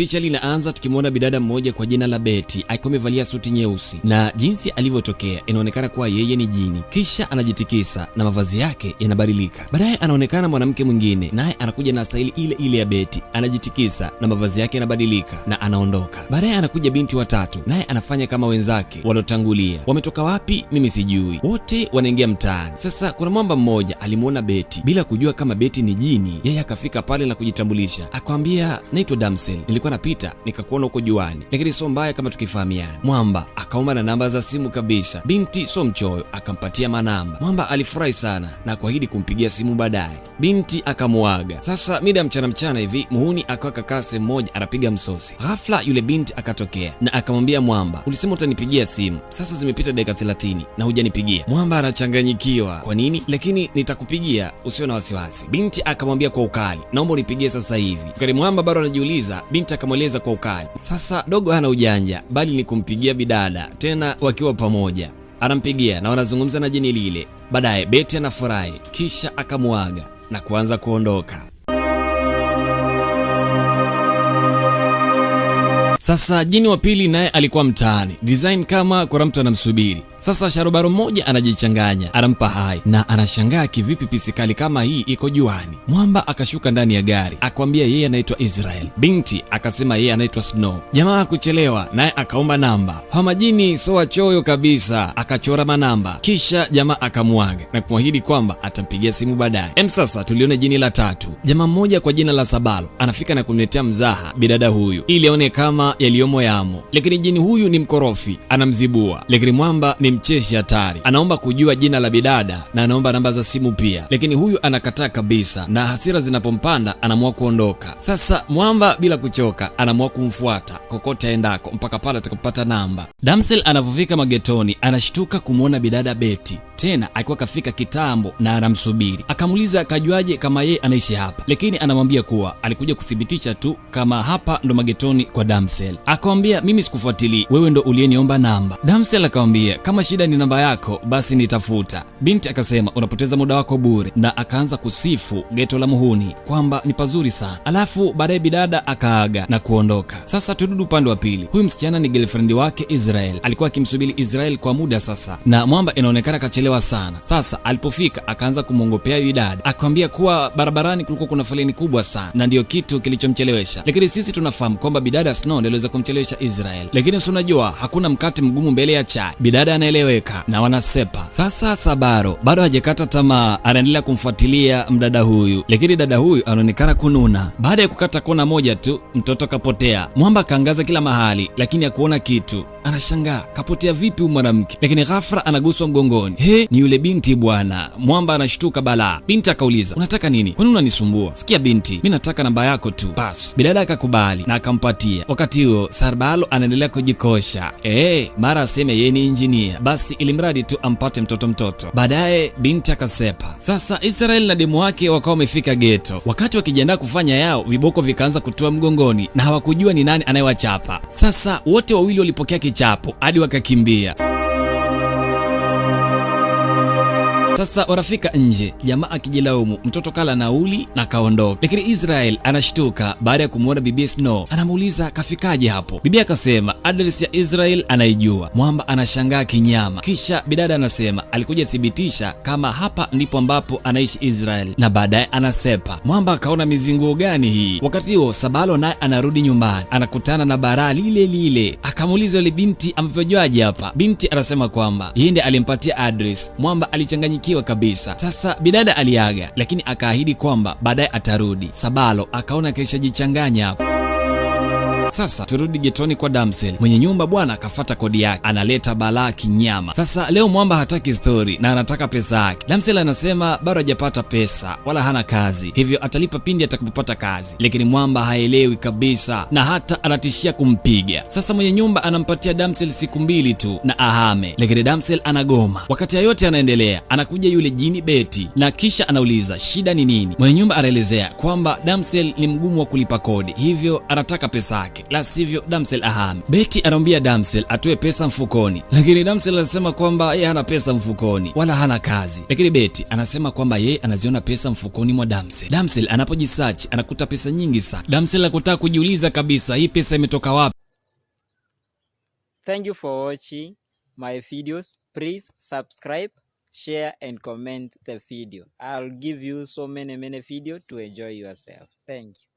Picha linaanza tukimwona bidada mmoja kwa jina la Betty akiwa amevalia suti nyeusi na jinsi alivyotokea inaonekana kuwa yeye ni jini, kisha anajitikisa na mavazi yake yanabadilika. Baadaye anaonekana mwanamke mwingine naye anakuja na staili ile ile ya Betty, anajitikisa na mavazi yake yanabadilika na anaondoka. Baadaye anakuja binti watatu naye anafanya kama wenzake waliotangulia. Wametoka wapi mimi sijui, wote wanaingia mtaani. Sasa kuna mwamba mmoja alimwona Betty bila kujua kama Betty ni jini, yeye akafika pale na kujitambulisha, akwambia naitwa Damsel, nilikuwa nilikuwa napita nikakuona huko juani, lakini sio mbaya kama tukifahamiana. Mwamba akaomba na namba za simu kabisa, binti so mchoyo akampatia manamba. Mwamba alifurahi sana na kuahidi kumpigia simu baadaye. Binti akamuaga. Sasa mida ya mchana mchana hivi muhuni akawa kakaa sehemu moja anapiga msosi. Ghafla yule binti akatokea na akamwambia Mwamba, ulisema utanipigia simu, sasa zimepita dakika thelathini na hujanipigia. Mwamba anachanganyikiwa kwa nini, lakini nitakupigia usio na wasiwasi. Binti akamwambia kwa ukali, naomba unipigie sasa hivi. Mwamba bado anajiuliza, binti akamweleza kwa ukali. Sasa dogo hana ujanja, bali ni kumpigia bidada, tena wakiwa pamoja. Anampigia na wanazungumza na jini lile. Baadaye Beti anafurahi, kisha akamwaga na kuanza kuondoka. Sasa jini wa pili naye alikuwa mtaani design kama kuna mtu anamsubiri. Sasa Sharobaro mmoja anajichanganya, anampa hai na anashangaa kivipi pisi kali kama hii iko juani. Mwamba akashuka ndani ya gari akwambia yeye anaitwa Israel, binti akasema yeye anaitwa Snow. Jamaa akuchelewa naye akaomba namba, majini, so wachoyo kabisa, akachora manamba, kisha jamaa akamwaga na kumwahidi kwamba atampigia simu baadaye. Em, sasa tulione jini la tatu. Jamaa mmoja kwa jina la Sabalo anafika na kumletea mzaha bidada huyu ili aone kama yaliyomo yamo, lakini jini huyu ni mkorofi, anamzibua, lakini Mwamba ni ni mcheshi hatari. Anaomba kujua jina la bidada na anaomba namba za simu pia, lakini huyu anakataa kabisa, na hasira zinapompanda anaamua kuondoka. Sasa Mwamba bila kuchoka anaamua kumfuata kokote aendako mpaka pale atakapata namba. Damsel anavyofika magetoni anashtuka kumwona bidada Beti tena alikuwa kafika kitambo na anamsubiri. Akamuuliza kajwaje kama yeye anaishi hapa, lakini anamwambia kuwa alikuja kuthibitisha tu kama hapa ndo magetoni kwa Damsel. Akamwambia mimi sikufuatilii, wewe ndo uliyeniomba namba. Damsel akamwambia kama shida ni namba yako basi nitafuta. Binti akasema unapoteza muda wako bure, na akaanza kusifu geto la Muhuni kwamba ni pazuri sana, alafu baadaye bidada akaaga na kuondoka. Sasa tududu upande wa pili, huyu msichana ni girlfriend wake Israel, alikuwa akimsubiri Israel kwa muda sasa, na mwamba inaonekana kachelewa alichelewa sana. Sasa alipofika akaanza kumwongopea dada, akamwambia kuwa barabarani kulikuwa kuna foleni kubwa sana na ndiyo kitu kilichomchelewesha, lakini sisi tunafahamu kwamba bidada Snow ndiye aliweza kumchelewesha Israel. Lakini si unajua hakuna mkate mgumu mbele ya chai, bidada anaeleweka na wanasepa. Sasa Sabaro bado hajakata tamaa, anaendelea kumfuatilia mdada huyu, lakini dada huyu anaonekana kununa. Baada ya kukata kona moja tu mtoto kapotea. Mwamba akaangaza kila mahali, lakini hakuona kitu. Anashangaa kapotea vipi huyu mwanamke, lakini ghafla anaguswa mgongoni. Hey! ni yule binti bwana. Mwamba anashtuka balaa. Binti akauliza unataka nini? Kwani unanisumbua? Sikia binti, mi nataka namba yako tu basi. Bidada akakubali na akampatia. Wakati huo Sarbalo anaendelea kujikosha hey, eh, mara aseme yeye ni injinia, basi ili mradi tu ampate mtoto mtoto. Baadaye binti akasepa. Sasa Israel na demu wake wakawa wamefika geto. Wakati wakijiandaa kufanya yao, viboko vikaanza kutua mgongoni na hawakujua ni nani anayewachapa. Sasa wote wawili walipokea kichapo hadi wakakimbia. Sasa wanafika nje, jamaa akijilaumu, mtoto kala nauli na kaondoka. Lakini Israel anashtuka baada ya kumwona Bibi Snow, anamuuliza kafikaje hapo. Bibi akasema address ya Israel anaijua. Mwamba anashangaa kinyama, kisha bidada anasema alikuja thibitisha kama hapa ndipo ambapo anaishi Israel, na baadaye anasepa. Mwamba akaona mizinguo gani hii? Wakati huo Sabalo naye anarudi nyumbani, anakutana na baraa lile lile, akamuuliza yule binti amevyojuaje hapa. Binti anasema kwamba yeye ndiye alimpatia address. Mwamba alichanganyikia amefanikiwa kabisa. Sasa bidada aliaga, lakini akaahidi kwamba baadaye atarudi. Sabalo akaona kaishajichanganya hapo. Sasa turudi getoni kwa Damsel. Mwenye nyumba bwana akafata kodi yake, analeta balaa kinyama. Sasa leo mwamba hataki stori na anataka pesa yake. Damsel anasema bado hajapata pesa wala hana kazi, hivyo atalipa pindi atakapopata kazi, lakini mwamba haelewi kabisa na hata anatishia kumpiga. Sasa mwenye nyumba anampatia Damsel siku mbili tu na ahame, lakini Damsel anagoma. Wakati yote anaendelea, anakuja yule jini Beti na kisha anauliza shida ni nini. Mwenye nyumba anaelezea kwamba Damsel ni mgumu wa kulipa kodi, hivyo anataka pesa yake yake, la sivyo Damsel ahame. Betty anamwambia Damsel atoe pesa mfukoni, lakini Damsel anasema kwamba yeye hana pesa mfukoni wala hana kazi, lakini Betty anasema kwamba yeye anaziona pesa mfukoni mwa Damsel. Damsel anapojisearch anakuta pesa nyingi sana. Damsel akutaka kujiuliza kabisa hii pesa imetoka wapi? Thank you for watching my videos. Please subscribe, share and comment the video. I'll give you so many many video to enjoy yourself. Thank you.